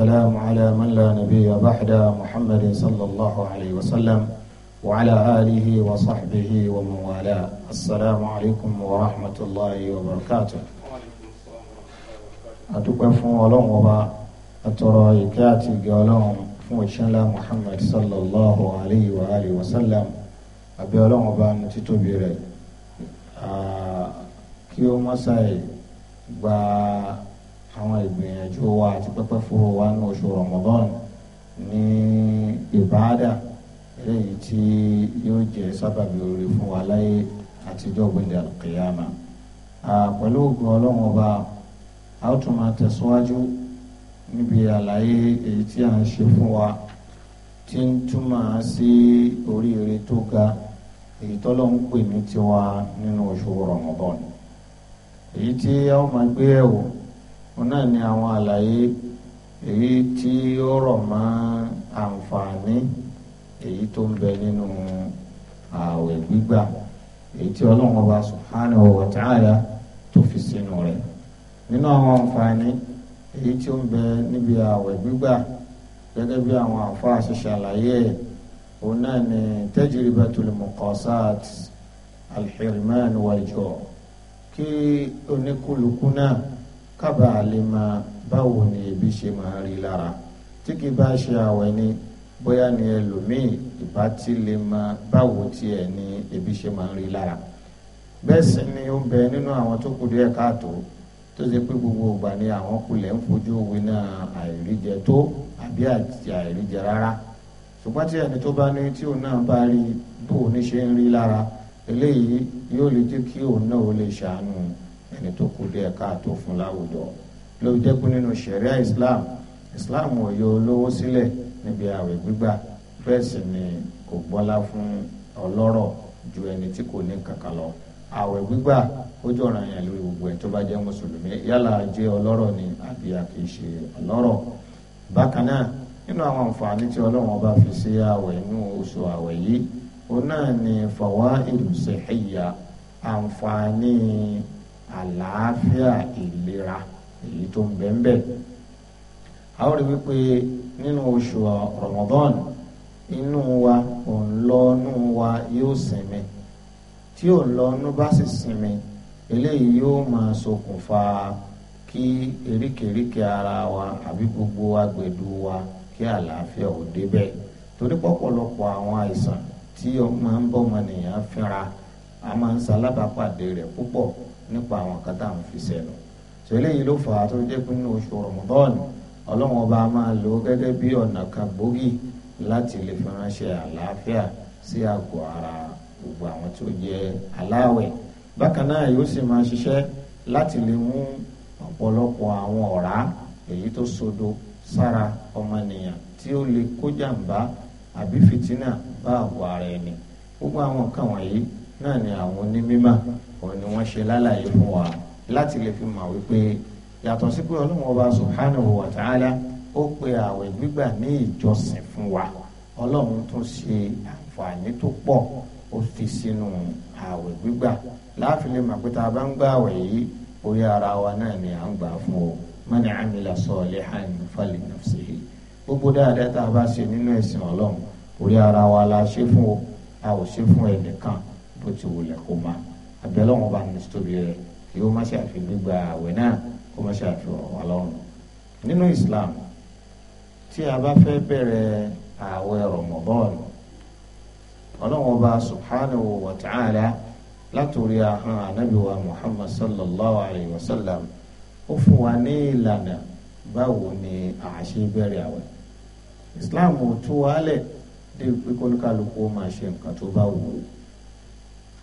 والسلام على من لا نبي بعد محمد صلى الله عليه وسلم وعلى آله وصحبه ومن والاه السلام عليكم ورحمة الله وبركاته adúpẹ́ fún ọlọ́run ọba àtọ̀rọ̀ ìkẹ́ àti ìgẹ́ ọlọ́run fún òṣìṣẹ́lá muhammad sallallahu alayhi wa alayhi wa sallam abẹ́ ọlọ́run ọba ní títóbi rẹ̀ kí ó mọ́sáì gba àwọn ìgbìyànjú wa àti pẹ́pẹ́ fúru wa ní oṣù Ramadan ní ìbáàdà eléyìí tí yóò jẹ́ sábàbí oore fún wa láyé àtijọ́ gbẹ̀dẹ̀ àlùkìyàmà pẹ̀lú ògùn ọlọ́run ọba a ó tún máa tẹ̀síwájú níbi àlàyé èyí tí a ń ṣe fún wa tí ń túmọ̀ sí oríire tó ga èyí tọ́lọ́ ń pè ní tiwa nínú oṣù Ramadan èyí tí a ó máa gbé ẹ̀wò òun náà ni àwọn àlàyé èyí tí ó rọ̀ mọ́ àǹfààní èyí tó ń bẹ nínú ààwẹ̀ gbígbà èyí tí ọlọ́run ọba subhanahu wa ta'ala tó fi sínú rẹ̀ nínú àwọn àǹfààní èyí tí ó ń bẹ níbi ààwẹ̀ gbígbà gẹ́gẹ́ bí àwọn àǹfààní ṣe ṣàlàyé ẹ̀ òun náà ni tajribatul muqasat alhirman wal ju' kí oníkúlùkù náà kábà alima máa báwo ni ebi ṣe máa rí lára tí kì bá ṣe àwẹ̀ ni bóyá ni ẹlòmíì ìbá ti lè máa báwo tiẹ̀ ni ebi ṣe máa rí lára bẹ́ẹ̀ sì ni ó ń bẹ nínú àwọn tó kù díẹ̀ káàtó tó ṣe pé gbogbo ìgbà ni àwọn kulẹ̀ ń fojú òwe náà àìríjẹ tó àbí àìríjẹ rárá ṣùgbọ́n tí ẹni tó bá ní tí òun náà bá rí bó ní ṣe ń rí lára eléyìí yóò lè jẹ́ kí òun náà ó lè ṣàánú ẹni tó kù díẹ̀ káàtó fún láwùjọ ló jẹ́ pé nínú ṣẹ̀ríà islam islam ò yọ olówó sílẹ̀ níbi àwẹ̀ gbígbà bẹ́ẹ̀ sì ni kò gbọ́lá fún ọlọ́rọ̀ ju ẹni tí kò ní kankan lọ àwẹ̀ gbígbà ó jọ ọ̀ràn yẹn lórí gbogbo ẹ̀ tó bá jẹ́ mùsùlùmí yálà jẹ́ ọlọ́rọ̀ ni àbí a kì í ṣe ọlọ́rọ̀ bákan náà nínú àwọn àǹfààní tí ọlọ́run ọba fi sí àwẹ̀ inú oṣù àwẹ̀ yìí òun náà ni fawaidu sihiyya àǹfààní àlàáfíà ìlera èyí tó ń bẹ́ẹ̀ bẹ́ẹ̀ a ó rí wípé nínú oṣù Ramadan inú wa òǹlọ́nú wa yóò sinmi tí òǹlọ́nú bá sì sinmi eléyìí yóò máa ṣokùnfà kí eríkèríkè ara wa àbí gbogbo agbèdú wa kí àlàáfíà ò débẹ̀ torí pọ̀pọ̀lọpọ̀ àwọn àìsàn tí ó máa ń bọ́mọnìyàn fínra a máa ń ṣalábàápàdé rẹ̀ púpọ̀ nípa àwọn kan tá à ń fi sẹ́nu tó eléyìí ló fà á tó jẹ́ pé nínú oṣù Ramadan ọlọ́wọ́n bá máa lò gẹ́gẹ́ bí ọ̀nà kan gbòógì láti lè fi ránṣẹ́ àlàáfíà sí àgọ́ ara gbogbo àwọn tó jẹ́ aláwẹ̀ bákan náà yóò sì máa ṣiṣẹ́ láti lè mú ọ̀pọ̀lọpọ̀ àwọn ọ̀rá èyí tó sodo sára ọmọnìyàn tí ó lè kó jàǹbá àbí fìtínà bá àgọ́ ara ẹni gbogbo àwọn kan wọ̀nyí náà ni àwọn onímímà òun ni wọ́n ṣe lálàyé fún wa láti lè fi mọ̀ wípé yàtọ̀ sí pé ọlọ́run ọba subhanahu wa ta'ala ó pe àwẹ̀ gbígbà ní ìjọsìn fún wa ọlọ́run tún ṣe àǹfààní tó pọ̀ ó fi sínú àwẹ̀ gbígbà láàfin lè mọ̀ pé tá a bá ń gbà àwẹ̀ yìí orí ara wa náà ni à ń gbà fún o man amila salihan fali nafsihi gbogbo dáadáa tá a bá ṣe nínú ẹ̀sìn ọlọ́run orí ara wa la ṣe fún o a ò ṣe fún ẹnìkan bó ti wulẹ̀ kó ma abẹ́lẹ́ wọn bá ní tóbi rẹ̀ kí ó má ṣe àfi gbígba àwẹ̀ náà kó má ṣe àfi ọ̀rọ̀ wa lọ́rùn. nínú Islam tí a bá fẹ́ bẹ̀rẹ̀ àwẹ̀ Ramadan ọlọ́wọ́n bá subhanahu wa ta'ala látòrí ahọ́n anabi Muhammad sallallahu alayhi wa sallam ó fún wa ní ìlànà báwo ni àṣẹ bẹ̀rẹ̀ àwẹ̀ Islam ò tú wálẹ̀ dé pé kólúkálukú máa ṣe nǹkan tó bá wù ú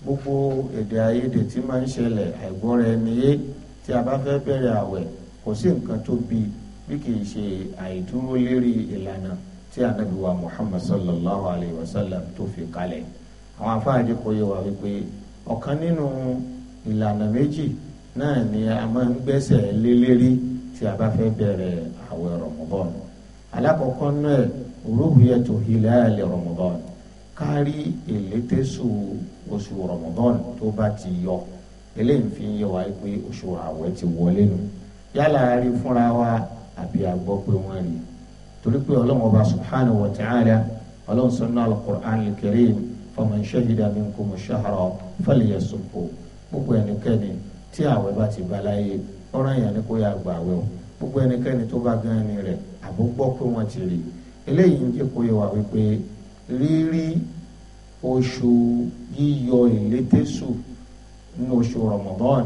gbogbo èdè àìyedè tí máa ń ṣẹlẹ̀ àìgbọ́ra ẹni yé tí a bá fẹ́ bẹ̀rẹ̀ àwẹ̀ kò sí nǹkan tó bí bí kì í ṣe àìdúró lérí ìlànà tí anabi wa muhammad sallallahu alayhi wa sallam tó fi kalẹ̀ àwọn afáàjì kò yẹ wá wípé ọ̀kan nínú ìlànà méjì náà ni a máa ń gbẹ́sẹ̀ lé lérí tí a bá fẹ́ bẹ̀rẹ̀ àwẹ̀ rọ̀mọ̀bọ̀n alákọ̀ọ́kọ́ náà rúhùyẹ̀tò hilal rọ̀mọ̀bọ̀n kárí ìlétésù oṣù Ramadan tó bá ti yọ eléyìí fi ń yẹ wá pé oṣù àwẹ̀ ti wọlé nu yálà rí fúnra wa àbí a pé wọ́n rí torí pé ọlọ́run ọba subhanahu wa ta'ala ọlọ́run sọ́nà al-Qur'an al-Karim faman shahida minkum ash-shahra falyasumhu gbogbo ẹnikẹ́ni tí àwẹ̀ bá ti bá láyé ọ̀rọ̀ yẹn ni kó yà gbà àwẹ̀ o gbogbo ẹnikẹ́ni tó bá gan ni rẹ̀ àbúgbọ́ pé wọ́n ti rí eléyìí ń jẹ́ kó yẹ wá wípé rírí oṣù yíyọ ìlétésù ní oṣù Ramadan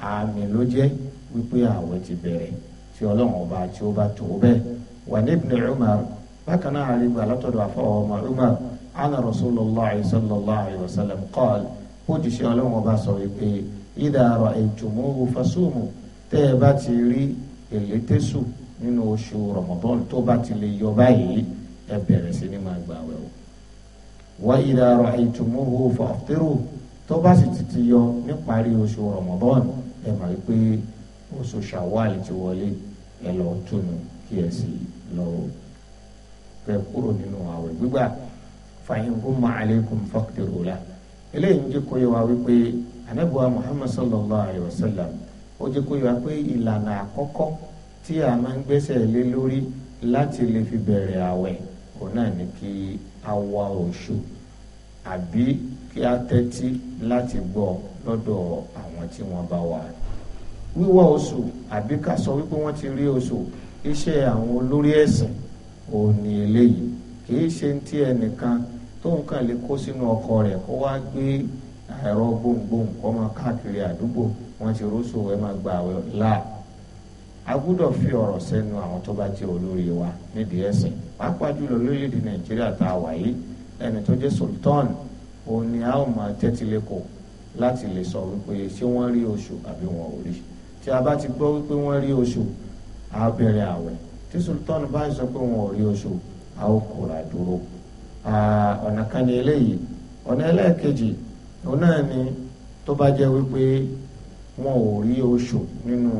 àmì ló jẹ́ wípé ààwẹ̀ ti bẹ̀rẹ̀ tí ọlọ́run ọba tí ó bá tó bẹ́ẹ̀ wà ní ibn Umar bákan náà àlè gbà látọ̀dọ̀ àfọwọ́ ọmọ Umar ana Rasulullah sallallahu alayhi wa sallam qala ó ti ṣe ọlọ́run ọba sọ wípé idha ra'aytumuhu fasumu tẹ́ ẹ bá ti rí èlétésù nínú oṣù Ramadan tó bá ti lè yọ báyìí ẹ bẹ̀rẹ̀ sí ni máa gbà wẹ̀ o wa idha ra'aytumuhu fa'ftiru tó bá sì ti ti yọ níparí oṣù Ramadan ẹ mà rí pé oṣù Shawwal ti wọlé ẹ lọ túnu kí ẹ sì lọ bẹ kúrò nínú àwẹ̀ gbígbà fàyín kó ma aleikum faqdiru la eléyìí ń jẹ́ kó yẹ wá wípé anabuwa Muhammad sallallahu alayhi wa sallam ó jẹ́ kó yẹ wá pé ìlànà àkọ́kọ́ tí a máa ń gbẹ́sẹ̀ lé lórí láti lè fi bẹ̀rẹ̀ àwẹ̀ òun náà ní kí a wá oṣù àbí kí a tẹ́tí láti gbọ́ lọ́dọ̀ àwọn tí wọ́n bá wà. wíwá oṣù àbí ká sọ wípé wọ́n ti rí oṣù iṣẹ́ àwọn olórí ẹ̀sìn òun ni eléyìí kì í ṣe ti ẹnìkan tó nǹkan lè kó sínú ọkọ rẹ̀ kó wá gbé ẹ̀rọ gbohùngbohùn kó máa káàkiri àdúgbò wọ́n ti róṣù ẹ máa gba àwẹ̀ láà a gbúdọ̀ fi ọ̀rọ̀ sẹ́nu àwọn tó bá jẹ́ olórí wa nídìí ẹ̀sìn pàápàá jùlọ lórílẹ̀‐èdè nàìjíríà tá a wà yìí ẹni tó jẹ́ sultan òun ni a ó máa tẹ́tí lẹ́kọ̀ọ́ láti lè sọ wípé ṣé wọ́n rí oṣù àbí wọn ò rí tí a bá ti gbọ́ wípé wọ́n rí oṣù a bẹ̀rẹ̀ àwẹ̀ tí sultan bá sọ pé wọn ò rí oṣù a ó kóra dúró ọ̀nà kan ní eléyìí ọ̀nà ẹlẹ́ẹ̀kejì òun náà ni tó bá jẹ́ wípé wọn ò rí oṣù nínú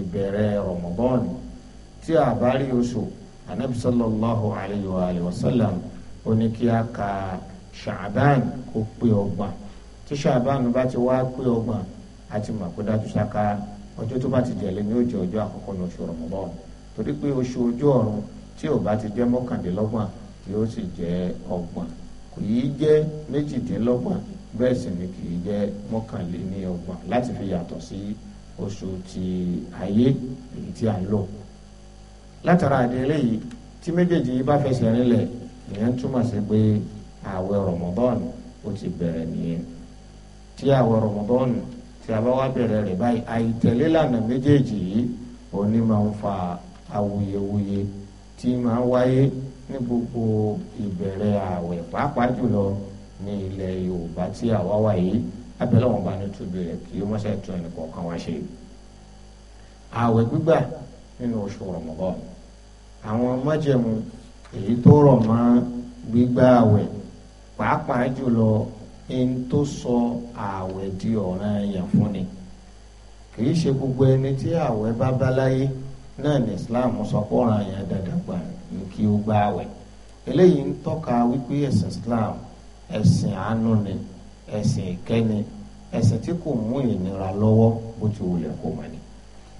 ìbẹ̀rẹ̀ Ramadan tí a bá rí oṣù anabi sallallahu alayhi wa alayhi wa sallam ó ní kí a ka ṣaaban kó pé ọgbà tí ṣaaban bá ti wá pé ọgbà a ti mọ̀ dájú ọjọ́ tó bá ti jẹ̀lé ní ọjọ́ àkọ́kọ́ ní oṣù torí pé oṣù ojú ọ̀run tí ò bá ti jẹ́ mọ́kàndínlọ́gbọ̀n sì jẹ́ kò yí jẹ́ fi yàtọ̀ Si oṣù ti ayé èyí tí a ń lò látara àdéhùn yìí tí méjèèjì yìí bá fẹsẹ̀ rinlẹ̀ ìyẹn túmọ̀ sí pé ààwẹ̀ Ramadan ó ti bẹ̀rẹ̀ nìyẹn tí ààwẹ̀ Ramadan tí a bá wá bẹ̀rẹ̀ rẹ̀ báyìí àìtẹ̀lé lànà méjèèjì yìí òní máa ń fa awuyewuye tí máa ń wáyé ní gbogbo ìbẹ̀rẹ̀ ààwẹ̀ pàápàá jùlọ ní ilẹ̀ Yorùbá tí àwa wà yìí abẹ́lẹ́ wọn bá ní túbí rẹ̀ kí ó mọ́sẹ̀ tún ẹnì kọ̀ọ̀kan wá ṣe. ààwẹ̀ gbígbà nínú oṣù Ramadan àwọn májẹ̀mú èyí tó rọ̀ mọ́ gbígbà ààwẹ̀ pàápàá jùlọ ẹni tó sọ ààwẹ̀ di ọ̀ràn ẹ̀yàn fún ni kì í ṣe gbogbo ẹni tí ààwẹ̀ bá bá láyé náà ní Islam sọ pé ọ̀ràn ẹ̀yàn dandan gbà ní kí ó gbà ààwẹ̀ eléyìí ń tọ́ka wípé ẹ̀sìn Islam ẹ̀sìn àánú ni ẹ̀sìn ìkẹ́ni ẹ̀sìn tí kò mú ìnira lọ́wọ́ bó ti wulẹ̀ kó mọ̀ ni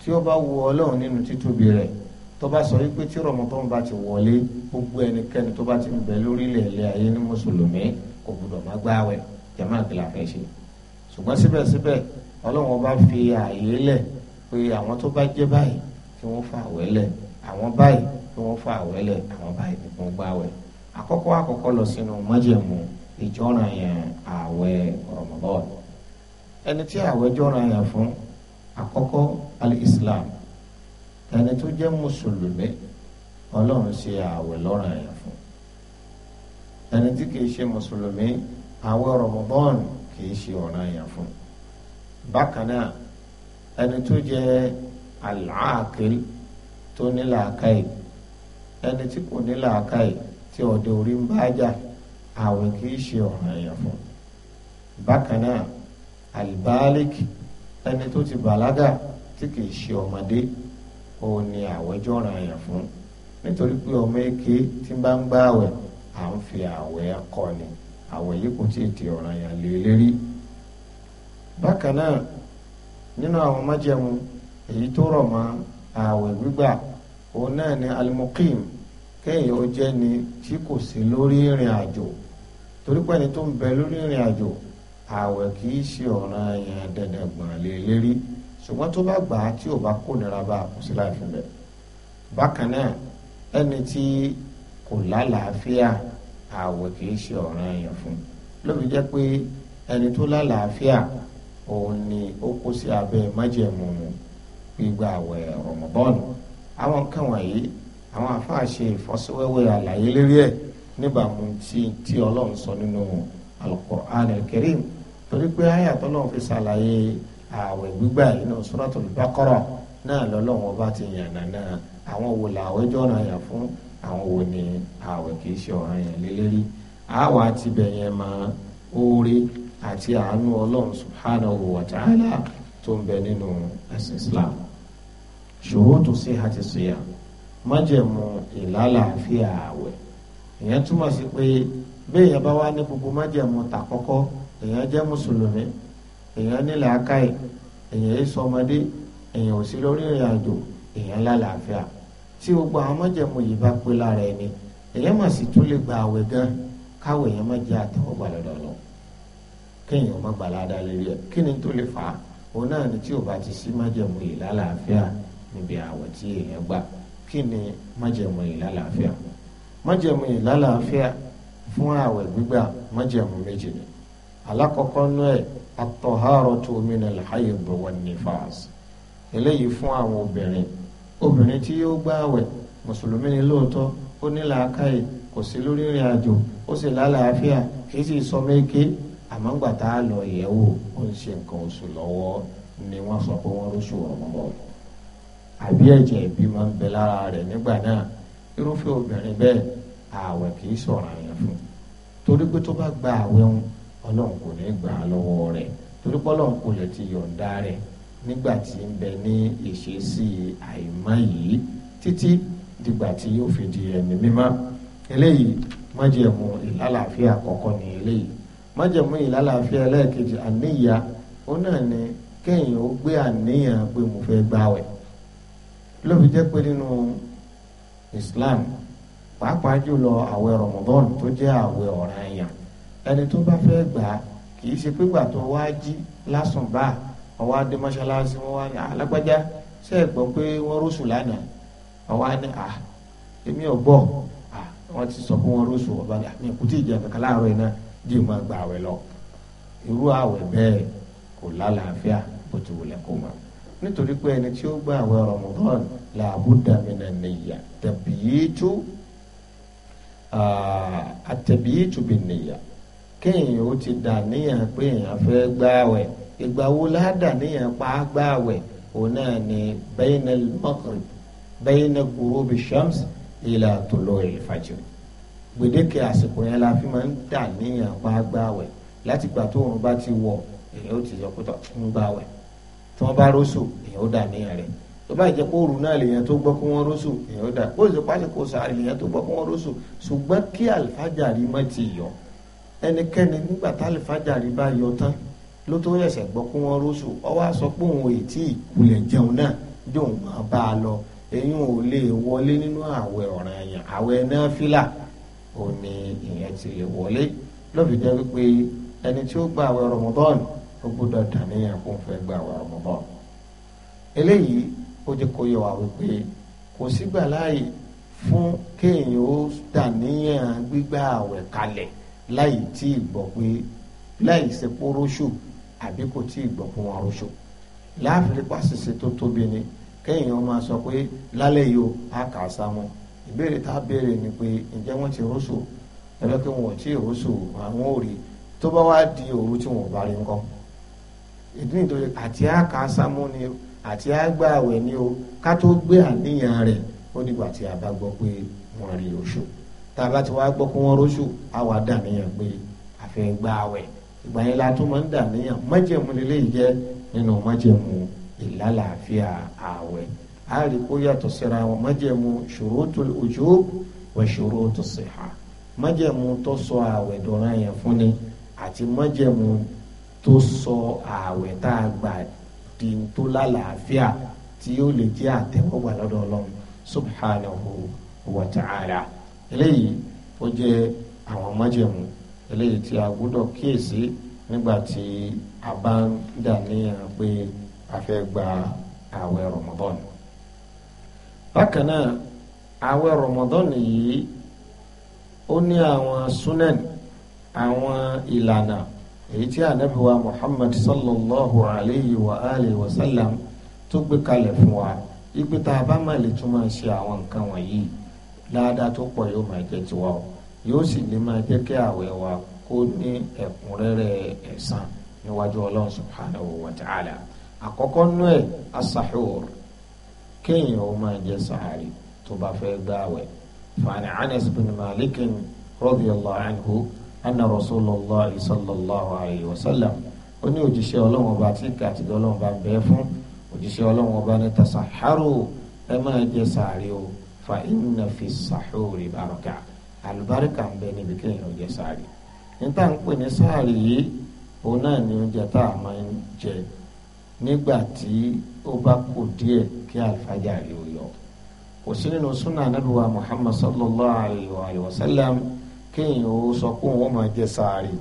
tí ó bá wu ọlọ́run nínú títóbi rẹ̀ tó bá sọ wípé tí rọmọtọ́n bá ti wọlé gbogbo ẹnikẹ́ni tó bá ti ń bẹ lórílẹ̀ ilẹ̀ ayé ní mùsùlùmí kò gbọdọ̀ má gbààwẹ̀ jàmá àgbẹ̀là fẹ́ ṣe ṣùgbọ́n síbẹ̀síbẹ̀ ọlọ́run bá fi ààyè lẹ̀ pé àwọn tó bá jẹ́ báyìí kí wọ́n fa àwẹ̀ lẹ̀ àwọn báyìí kí wọ́n fa àwẹ̀ lẹ̀ àwọn báyìí kí wọ́n gbààwẹ̀ àkọ́kọ́ àkọ́kọ́ lọ sínú májẹ̀mú ìjọ́ràn yẹn ààwẹ̀ Ramadan ẹni tí ààwẹ̀ jọ́ràn yẹn fún àkọ́kọ́ al-Islam ẹni tó jẹ́ mùsùlùmí ọlọ́run ṣe ààwẹ̀ lọ́ràn yẹn fún ẹni tí kìí ṣe mùsùlùmí ààwẹ̀ Ramadan kìí ṣe ọ̀ràn yẹn fún bákan náà ẹni tó jẹ́ al-aaqil tó ní làákàyè ẹni tí kò ní làákàyè tí ọ̀dẹ̀ orí ń bá jà àwẹ̀ kìí ṣe ọ̀ràn èèyàn fún bákan náà albalik ẹni tó ti bàlágà tí kìí ṣe ọmọdé òun ni àwẹ̀ jọ̀ràn èèyàn fún nítorí pé ọmọ èké tí bá ń gbá àwẹ̀ à ń fi àwẹ̀ kọ́ ni àwẹ̀ yìí kò tíì di ọ̀ràn èèyàn lé lérí bákan náà nínú àwọn májẹ̀mú èyí tó rọ̀ mọ́ àwẹ̀ gbígbà òun náà ni almuqim kéèyàn ó ni tí kò sí lórí ìrìn àjò torí pé ẹni tó ń bẹ lórí ìrìn àjò ààwẹ̀ kì í ṣe ọ̀ràn yẹn dandan gbọ̀n lé lérí ṣùgbọ́n tó bá gbà á tí ò bá kó nira bá kò sí láìfin bẹ́ẹ̀ bákan náà ẹni tí kò lálàáfíà ààwẹ̀ kì í ṣe ọ̀ràn yẹn fún lóbi jẹ́ pé ẹni tó lálàáfíà òun ni ó kó sí abẹ́ májẹ̀mú gbígba ààwẹ̀ Ramadan àwọn nǹkan wọ̀nyí àwọn àfáà ṣe àlàyé lérí ẹ̀ níbàámu tí tí ọlọ́run sọ nínú Al-Qur'an Al-Karim torí pé àyà tọ́lọ́run fi ṣàlàyé ààwẹ̀ gbígbà nínú Suratul Baqara náà lọ́lọ́run ọba ti yànnà náà àwọn wo làwẹ̀ jọ̀ràn yà fún àwọn wo ni ààwẹ̀ kì í ṣe ọ̀ràn yẹn lélẹ́rí àwa ti bẹ̀yẹn mọ oore àti àánú ọlọ́run subhanahu wa ta'ala tó ń bẹ nínú ẹ̀sìn Islam ṣòro tó ṣe àti ṣìyà májẹ̀mú ìlàlàáfíà ààwẹ̀ ìyẹn túmọ̀ sí pé béèyàn bá wá ní gbogbo májẹ̀mú tàkọ́kọ́ èèyàn jẹ́ mùsùlùmí èèyàn ní làákàyè èèyàn yìí sọmọdé èèyàn ò sí lórí ìrìn àjò èèyàn lálàáfíà tí gbogbo àwọn májẹ̀mú yìí bá pé lára ẹni èèyàn mà sì tún lè gba àwẹ̀ gan káwọ̀ èèyàn má jẹ́ àtẹ̀wọ́gbà lọ́dọ̀ lọ kéèyàn má gbà ládàá lórí ẹ̀ kí ni tó lè fà á òun náà ni tí ò bá ti sí májẹ̀mú yìí lálàáfíà níbi àwẹ̀ tí èèyàn gbà kí ni májẹ̀mú yìí lálàáfíà májẹ̀mú ìlàlàáfíà fún ààwẹ̀ gbígbà májẹ̀mú méjì ni alákọ̀ọ́kọ́ nú ẹ̀ at-taharatu min al-hayd wan nifas eléyìí fún àwọn obìnrin obìnrin tí yóò gbà ààwẹ̀ mùsùlùmí ni lóòótọ́ ó ní làákàyè kò sí lórí ìrìn àjò ó sì lálàáfíà kì í sì sọ méke àmọ́ ń gbà tá a lọ yẹ̀wò ó ń ṣe nǹkan oṣù lọ́wọ́ ni wọ́n sọ pé wọ́n lóṣù ọ̀pọ̀ àbí ẹ̀jẹ̀ ìbí máa ń bẹ lára rẹ̀ nígbà náà irúfẹ́ obìnrin bẹ́ẹ̀ ààwẹ̀ kì í sọ̀rọ̀ àyàn fún torí pé tó bá gba ààwẹ̀ òun ọlọ́run kò ní gbà á lọ́wọ́ rẹ̀ torí pé ọlọ́run kò lè ti yọ̀ǹda rẹ̀ nígbà tí ń bẹ ní ìṣesí àìmọ́ yìí títí dìgbà tí yóò fi di ẹni mímọ́ eléyìí májẹ̀mú ìlàlàáfíà àkọ́kọ́ ni eléyìí májẹ̀mú ìlàlàáfíà ẹlẹ́ẹ̀kejì àníyá ó náà ni kéèyàn ó gbé àníyàn pé mo fẹ́ gbààwẹ̀ ló fi jẹ́ pé nínú Islam pàápàá jùlọ àwẹ̀ Ramadan tó jẹ́ àwẹ̀ ọ̀ranyàn ẹni tó bá fẹ́ gbà á kì í ṣe pé gbà tó wá jí lásùn bá ọwọ́ adé mọ́ṣáláṣí wọn wá ní alágbájá ṣe é gbọ́ pé wọ́n rúṣù lánàá ọwọ́ á ní à èmi ò gbọ́ à wọ́n ti sọ pé wọ́n rúṣù ọba ní àmì ìkútí ìjà kankan láàárọ̀ iná jí máa gba àwẹ̀ lọ irú àwẹ̀ bẹ́ẹ̀ kò lálàáfíà bó ti wulẹ̀ kó mọ́ nítorí pé ẹni tí ó gba àwẹ̀ Ramadan làbúdàmínà nìyà tàbí yéjú àtẹ̀bíyìtù bí nìyà kéèyàn ó ti dà níyàn pé èèyàn fẹ́ gbààwẹ̀ ìgbà wo la dà níyàn pa á gbààwẹ̀ òun náà ni bayna al-maghrib bayna ghurubi shams ila tulu'i al gbèdéke àsìkò yẹn la fi máa ń dà níyàn pa á gbààwẹ̀ láti gbà tó òun bá ti wọ̀ èèyàn ó ti yọ kó tó ń gbààwẹ̀ tí wọ́n bá rọ́ṣù èèyàn ó dà níyàn rẹ̀ tó bá jẹ́ kóòrù náà lèyàn tó gbọ́ kó wọ́n rọ́ṣù èèyàn dà bó ṣe pàṣẹ kó sàárì lèyàn tó gbọ́ kó wọ́n rọ́ṣù ṣùgbọ́n kí àlìfájàrí má ti yọ ẹnikẹ́ni nígbà tá àlìfájàrí bá yọ tán ló tó yẹ̀sẹ̀ gbọ́ kó wọ́n rọ́ṣù ó wá sọ pé òun ètí ìkulẹ̀ jẹun náà jóun máa bá a lọ eyín ò lè wọlé nínú àwẹ̀ ọ̀ràn àyàn àwẹ̀ náfìlà ò ní ìyẹn ti lè wọlé lọ́bi jẹ́ wípé ẹni tí ó gba àwẹ̀ Ramadan ó gbọ́dọ̀ dàníyàn kó fẹ́ gba àwẹ̀ Ramadan eléyìí ó jẹ́ kó yẹ wá wípé kò sígbà láàyè fún kéèyàn ó dàníyàn gbígbà àwẹ̀ kalẹ̀ láì tí ì gbọ́ pé láì ṣe póróṣù àbí kò tí ì gbọ́ fún wọn róṣù láàfin pàṣẹṣe tó tóbi ni kéèyàn máa sọ pé lálẹ́ yìí ó á kà á sámọ́ ìbéèrè tá a béèrè ni pé ǹjẹ́ wọ́n ti róṣù ẹlẹ́kẹ́ wọn ò tí róṣù àwọn ò tó bá wá di òru tí wọn bá rí nǹkan ìdí nìtorí àti á kà á sámọ́ ni àti àgbà àwẹ̀ ni o ká tó gbé àníyàn rẹ̀ ó dìgbà tí a bá gbọ́ pé wọ́n rí oṣù tá a bá ti wá gbọ́ pé wọ́n róṣù á wà dàníyàn pé a fẹ́ gba àwẹ̀ ìgbà yẹn la tún máa ń dàníyàn májẹ̀mú lélẹ́yìí jẹ́ nínú májẹ̀mú ìlàlàáfíà àwẹ̀ a rí kó yàtọ̀ síra wọn májẹ̀mú ṣurutul ujub wa ṣurutus siha májẹ̀mú tó sọ àwẹ̀ dọ̀ranyàn fúnni àti májẹ̀mú tó sọ àwẹ̀ tá a gbà di tó lálàáfíà tí yóò lè jẹ́ àtẹ́wọ́gbà lọ́dọ̀ ọlọ́run subhanahu wa ta'ala eléyìí ó jẹ́ àwọn májẹ̀mú eléyìí tí a gbọ́dọ̀ kíyèsí nígbà tí a bá ń dà níyàn pé a fẹ́ gba ààwẹ̀ Ramadan bákan náà ààwẹ̀ Ramadan yìí ó ní àwọn sunan àwọn ìlànà èyí tí ànábì wa muhammad sallallahu alayhi wa alihi wa sallam tó gbé kalẹ̀ fún wa ipe tá a bá má lè tún máa ṣe àwọn nǹkan wọ̀nyí láadáa tó pọ̀ yóò máa jẹ́ tiwa o yóò sì lè máa jẹ́ kí àwẹ̀ wa kó ní ẹ̀kúnrẹ́rẹ́ ẹ̀san níwájú ọlọ́run subhanahu wa ta'ala àkọ́kọ́ nú ẹ̀ asahur kéèyàn ó máa jẹ sàárì tó bá fẹ́ gbààwẹ̀ fani anas bin malikin radiyallahu anhu anna rasulullah sallallahu alayhi wa sallam ó ní òjíṣẹ́ ọlọ́run ọba tí kà àti ọlọ́run ọba bẹ́ẹ̀ fún òjíṣẹ́ ọlọ́run ọba ní tasaharu ẹ máa jẹ sàárì o fa inna fi sahuri baraka alubarika ń bẹ níbi kéèyàn jẹ sàárì níta ń pè ní sàárì yìí òun náà ni oúnjẹ tá a máa ń jẹ nígbà tí ó bá kù díẹ̀ kí alifájà rí yọ kò sí nínú súnà anábìwá muhammad sallallahu alayhi wa sallam. kéèyàn ó sọ pé òun ó máa jẹ sàárì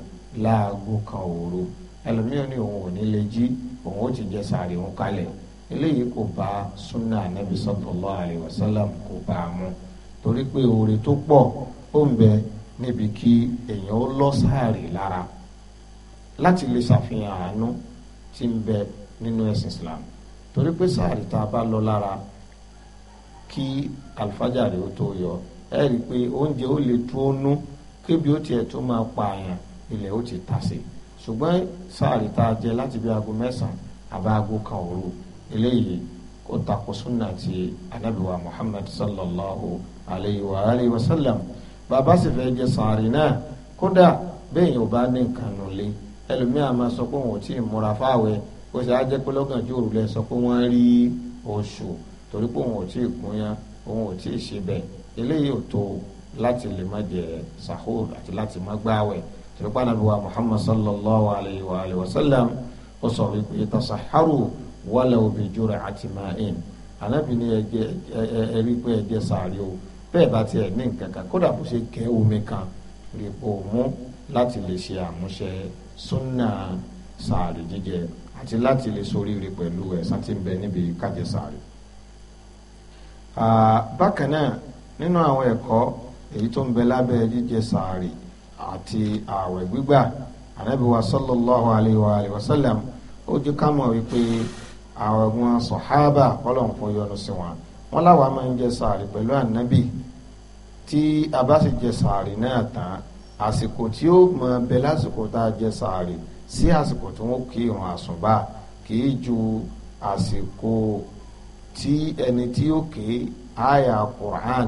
láago kan òru ẹlòmíràn ní òun ò ní lè jí òun ó ti jẹ sàárì òun kalẹ̀ eléyìí kò bá súnà anábì sallallahu alaihi wasallam kò bá a mú torí pé oore tó pọ̀ ó ń bẹ níbi kí èèyàn ó lọ sàárì lára láti lè ṣàfihàn àánú tí ń bẹ nínú ẹ̀sìn Islam torí pé sàárì tá a bá lọ lára kí alifájàre ó tó yọ ẹ rí i pé oúnjẹ ó lè dúró nú kébi ó tiẹ̀ tó máa pa àyàn ilẹ̀ ó ti tà sí ṣùgbọ́n sáàrì tá a jẹ láti bí aago mẹ́sàn-án àbá aago kan òru eléyìí kó tako súnà ti anábìwá Muhammad sallallahu alayhi wa alayhi wa sallam bàbá sì fẹ́ jẹ sáàrì náà kódà bẹ́ẹ̀ yóò bá ní nǹkan nulẹ̀ ẹlòmíà máa sọ pé òun ò tí ì múra fáwẹ̀ ó sì á jẹ́ pé lọ́gànjú òru lẹ sọ pé wọ́n rí oṣù torí pé òun ò tí ì kúnyán òun ò tí ì ṣe bẹ́ẹ̀ eléyìí ò tó láti lè má jẹ sahur àti láti má gbààwẹ̀ tìrìpá nàbí wa muhammad sallallahu alayhi wa alayhi wa sallam ó sọ wípé tasaharu walaw bi jur'ati ma'in anábì ní ẹjẹ ẹrí pé ẹjẹ sàárì o bẹ́ẹ̀ bá tiẹ̀ ní nǹkan kan kódà bó ṣe kẹ́ omi kan rí po mú láti lè ṣe àmúṣe súnà sàárì jíjẹ àti láti lè soríire pẹ̀lú ẹ̀san tí ń bẹ níbi kájẹ sàárì. bákan náà nínú àwọn ẹ̀kọ́ èyí tó ń bẹ lábẹ́ jíjẹ sàárì àti ààwẹ̀ gbígbà ànábì wa sallallahu alayhi wa alayhi wa sallam ó jẹ́ ká mọ̀ wípé àwọn sọ̀hábà kọ́lọ̀hún kò yọ́nú sí wọn wọn láwa máa ń jẹ sàárì pẹ̀lú ànábì tí a bá sì jẹ sàárì náà tán àsìkò tí ó máa bẹ lásìkò tá a jẹ sàárì sí àsìkò tí wọn kí irun àsùnbà kì í ju àsìkò tí ẹni tí ó ké àyà Qur'an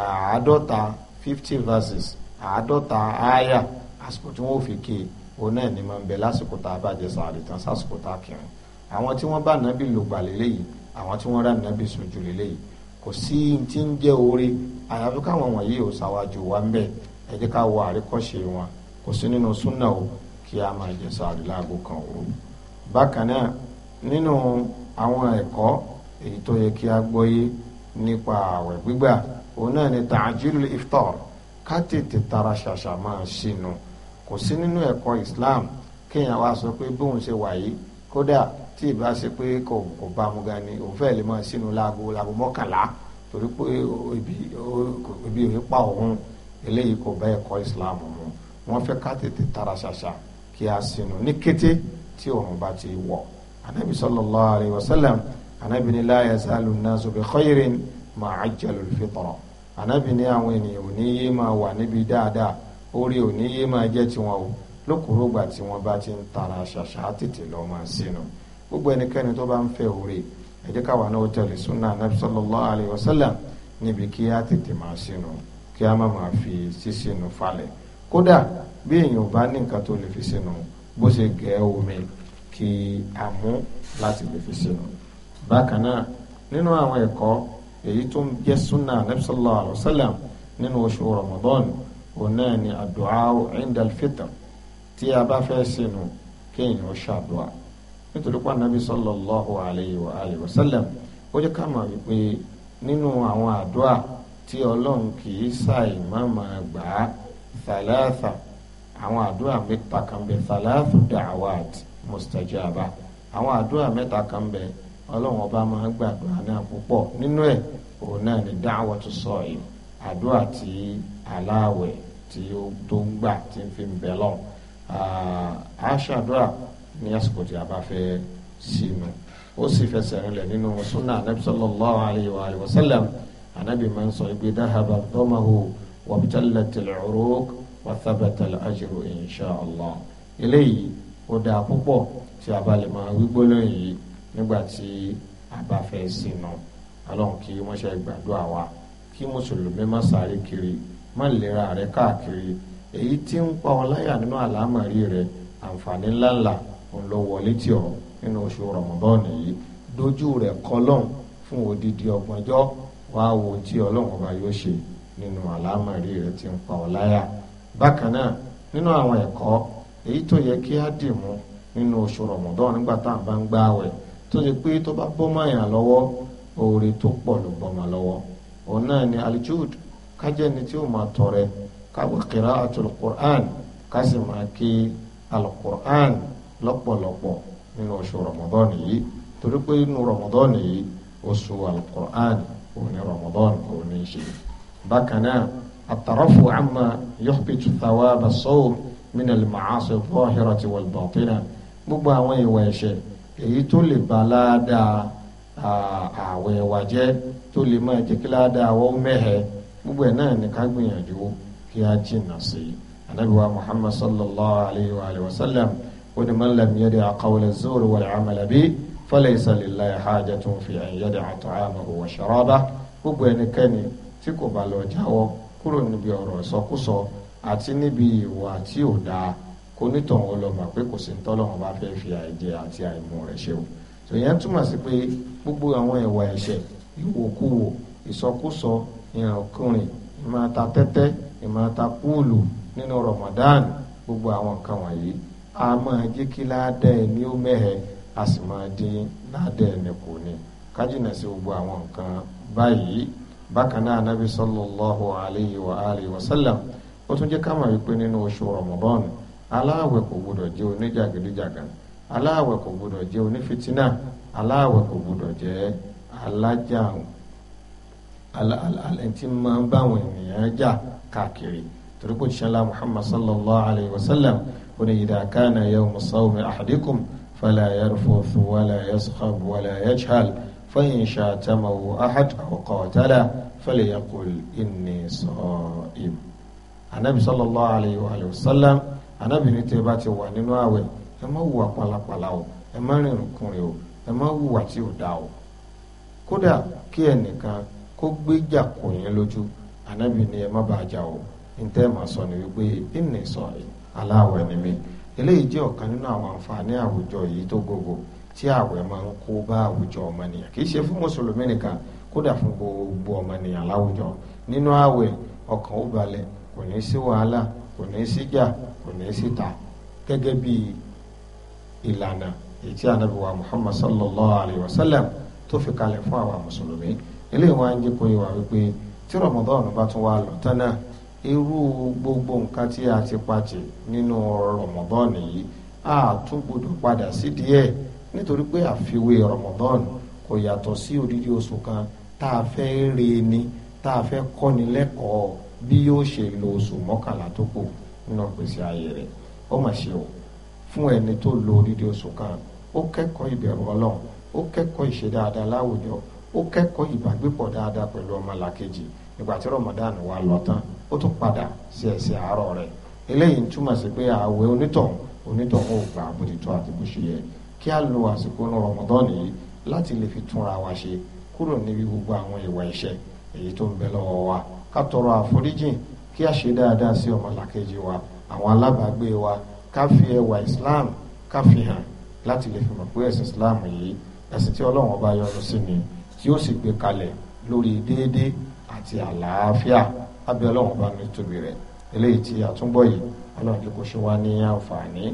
àádọ́ta fifty verses àádọ́ta aya àsìkò tí wọ́n fi ké òun náà ni máa ń bẹ lásìkò tá a bá jẹ sàárè tán sásìkò tá a kírun àwọn tí wọ́n bá nàbì lògbà lélẹ́yìí àwọn tí wọ́n rà nàbì sojú lélẹ́yìí kò sí tí ń jẹ́ oore àyàfi káwọn wọ̀nyí ò ṣàwájú wa ń bẹ̀ ẹ jẹ́ ká wọ àríkọ́ṣe wọn kò sí nínú súnà o kí a máa jẹ sàárè láago kan òru bákan náà nínú àwọn ẹ̀kọ́ èyí tó yẹ kí a gbọ́yé nípa àwẹ̀ gbígbà òun náà ni ta'jilul iftar ká tètè tara ṣàṣà máa ṣìnà kò sí nínú ẹ̀kọ́ Islam kéèyàn wá sọ pé bóun ṣe wà yìí kódà tí ìbá ṣe pé kò kò bá mu gan ni òun fẹ́ẹ́ lè máa sínú láago láago mọ́kànlá torí pé ibi ìwé pa òun eléyìí kò bá ẹ̀kọ́ Islam mu wọ́n fẹ́ ká tètè tara ṣàṣà kí a sínú ní kété tí òun bá ti wọ̀ Ànábì sallallahu alaihi wasallam anabi ni la yazalu nasu bi khairin ma ajjalul fitra anabi ni àwọn ènìyàn ò ní yé máa wà níbi dáadáa orí ò ní yé máa jẹ́ tiwọn o lókùrú gbà tí wọ́n bá ti tara ṣàṣà tètè lọ máa sínú gbogbo ẹnikẹ́ni tó bá ń fẹ́ orí ẹ jẹ́ káwa náà tẹ̀lé súnà anabi sallallahu alayhi wa sallam níbi kí á tètè máa sínú kí á má máa fi sísínú falẹ̀ kódà bí èèyàn bá ní nǹkan tó lè fi sínú bó ṣe gẹ omi kí a mú láti lè fi sínú bákan náà nínú àwọn ẹ̀kọ́ èyí tó ń jẹ́ súnà Ànábì sallallahu alaihi wasallam nínú oṣù Ramadan òun náà ni àdúà indal fitr tí a bá fẹ́ sínú kéèyàn ó ṣàdúà nítorí pé Ànábì sallallahu alaihi wa alihi wasallam ó jẹ́ ká mọ̀ wípé nínú àwọn àdúà tí ọlọ́run kì í ṣàì má máa gbà á thalatha àwọn àdúrà mẹ́ta kan bẹ thalathu da'awat mustajaba àwọn àdúrà mẹ́ta kan bẹ ọlọ́run ọba máa ń gbàdúrà náà púpọ̀ nínú ẹ̀ òun náà ni dáhùn tó sọ yìí àdúrà tí aláàwẹ̀ tí ó tó ń gbà tí ń fi bẹ̀ lọ a ṣàdúrà ní àsìkò tí a bá fẹ́ sínú ó sì fẹsẹ̀ rinlẹ̀ nínú sunna anabi sallallahu alayhi wa alayhi wa sallam anabi máa ń sọ ibi dáhàbà dọ́màhù wàbítàlẹ̀ tẹ̀lẹ̀ ọ̀rọ̀ àjẹrò insha eléyìí ó dáa púpọ̀ tí a bá lè máa wí gbólóyìn yìí nígbà tí a bá fẹ́ sínú ọlọ́run kí wọ́n ṣe gbàdúrà wa kí mùsùlùmí má sáré kiri má lera rẹ káàkiri èyí tí ń pa ọ láyà nínú àlámọ̀rí rẹ àǹfààní ńláńlá òun ló wọlé tì ọ nínú oṣù rọmọdọ́ọ̀nù yìí dojú rẹ kọlọ́n fún odidi ọgbọ̀njọ́ wá wo tí ọlọ́run ọba yóò ṣe nínú àlámọ̀rí rẹ tí ń pa ọ láyà bákan náà nínú àwọn ẹ̀kọ́ èyí tó yẹ kí á dì mú nínú oṣù rọmọdọ́ọ̀nù nígbà tá à ń bá ń gbáwẹ̀ tó ṣe pé tó bá bọ́ mọ̀yàn lọ́wọ́ oore tó pọ̀ ló bọ́ mọ̀ lọ́wọ́ òun náà ni aljud kájẹ́ni tí ó máa tọrẹ káwé qira'atul Qur'an ká sì máa ké al-Qur'an lọ́pọ̀lọpọ̀ nínú oṣù Ramadan yìí torí pé inú Ramadan yìí oṣù al-Qur'an òun ni Ramadan ṣe bákan náà àtàràfù àmà yuhbitu thawaba as-sawm gbogbo àwọn ìwà ẹ̀ṣẹ̀ èyí tó lè ba ládàá ààwẹ̀ wa jẹ́ tó lè máa jẹ́ kí ládàá wọ́n mẹ́hẹ̀ gbogbo ẹ̀ náà ní ká gbìyànjú kí á jìnnà sí i anabi wa muhammad sallallahu alayhi wa alayhi wa sallam wani man lam yadi qawla zuru wal amala bi falaysa lillahi hajatun fi an yadi ta'amahu wa sharabahu gbogbo ẹnikẹ́ni tí kò bá lọ jáwọ́ kúrò níbi ọ̀rọ̀ ìsọkúsọ àti níbi ìwà tí ò dáa onítọ̀hún ó lọ mà pé kò sí ní tọ́lọ́run bá fẹ́ fi àìjẹ àti àìmu rẹ̀ ṣe o tò yẹn túmọ̀ sí pé gbogbo àwọn ìwà ẹ̀ṣẹ̀ ìwòkuwò ìsọkúsọ ìrànkùnrin ìmọ̀ta tẹ́tẹ́ ìmọ̀ta kúùlù nínú Ramadan gbogbo àwọn nǹkan wọ̀nyí a máa jẹ́ kí ládà ẹni ó mẹ́hẹ̀ a sì máa dín ládà ẹni kù ni kájìnà sí gbogbo àwọn nǹkan báyìí bákan náà Nabi sallallahu alayhi wa alihi wa sallam ó tún jẹ́ ká mọ̀ wípé nínú oṣù Ramadan aláàwẹ̀ kò gbọdọ̀ jẹ́ oníjàgídíjàgan aláàwẹ̀ kò gbọdọ̀ jẹ́ onífìtínà aláàwẹ̀ kò gbọdọ̀ jẹ́ alájà alẹ́ntì máa ń báwọn ènìyàn jà káàkiri torí kò ṣẹlá muhammad sallallahu alayhi wa sallam oní ìdàkánà yawmu sawmi ahadikum fala yarfuth wala yaskhab wala yajhal فإن شاتمه أحد أو قاتله فليقل إني صائم النبي صلى الله عليه وآله وسلم anábìnrin tẹ́ bá ti wà nínú ààwẹ̀ ẹ má hùwà pálapàla o ẹ má rìnrìn kùnrin o ẹ má hùwà tí ò dá o kódà kí ẹnìkan kó gbéjà kò yín lójú anábìnrin ẹ má bàa jà o ntẹ́ màá sọ ni wípé ìnì sọ aláwẹ̀ ni mí eléyìí jẹ́ ọ̀kan nínú àwọn àǹfààní àwùjọ yìí tó gbogbo tí àwẹ̀ máa ń kó bá àwùjọ ọmọnìyàn kì í ṣe fún mùsùlùmí nìkan kódà fún gbogbo ọmọnìyàn láwùjọ nínú àwẹ̀ ọkàn ó balẹ̀ kò ní sí wàhálà kò ní síjà kò ní síta gẹ́gẹ́ bí ìlànà ètí ànábì wa muhammad sallallahu alayhi wa sallam tó fi kalẹ̀ fún àwa mùsùlùmí eléyìí wọn á ń jẹ́ kó yé wa wípé tí ramadan bá tún wà lọ tán náà irú gbogbo nǹkan tí a ti pàtì nínú ramadan yìí a tún gbọdọ̀ padà sí ẹ̀ nítorí pé àfiwé ramadan kò yàtọ̀ sí odidi oṣù kan tá a fẹ́ rèé ni tá a fẹ́ kọ́ni lẹ́kọ̀ọ́ bí yóò ṣe lo oṣù mọ́kànlá tó kù nínú gbèsè ayé rẹ̀ ó mà ṣe o fún ẹni tó lo odidi oṣù kan ó kẹ́kọ̀ọ́ ìbẹ̀rù ọlọ́run ó kẹ́kọ̀ọ́ ìṣe dáadáa láwùjọ ó kẹ́kọ̀ọ́ ìbágbépọ̀ dáadáa pẹ̀lú ọmọlàkejì ìgbà tí ramadan wà lọ tán ó tún padà sí ẹsẹ̀ àárọ̀ rẹ̀ eléyìí ń túmọ̀ sí pé ààwẹ̀ onítọ̀hún onítọ̀hún ò gbà bó ti tọ́ àti bó ṣe yẹ kí á lo àsìkò ní ramadan yìí láti lè fi túnra wa ṣe kúrò níbi gbogbo àwọn ìwà ẹ̀ṣẹ̀ èyí tó ń bẹ lọ́wọ́ wa ká tọrọ àforíjìn kí a ṣe dáadáa sí ọmọlàkejì wa àwọn alábàágbé wa ká fi ẹwà islam ká fi hàn láti lè fi mọ̀ pé ẹ̀sìn islam yìí ẹ̀sìn tí ọlọ́run ọba yọ́nú sí ni tí ó sì gbé kalẹ̀ lórí déédéé àti àlàáfíà abẹ́ ọlọ́run ọba ní tóbi rẹ̀ eléyìí tí àtúnbọ̀ yìí ọlọ́run kí kò ṣe wá ní àǹfààní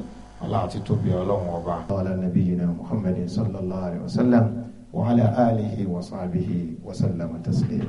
ọlá àti tóbi ọlọ́run ọba. ala nabiyyina muhammadin sallallahu alayhi wa sallam wa alihi wa sahbihi wa sallama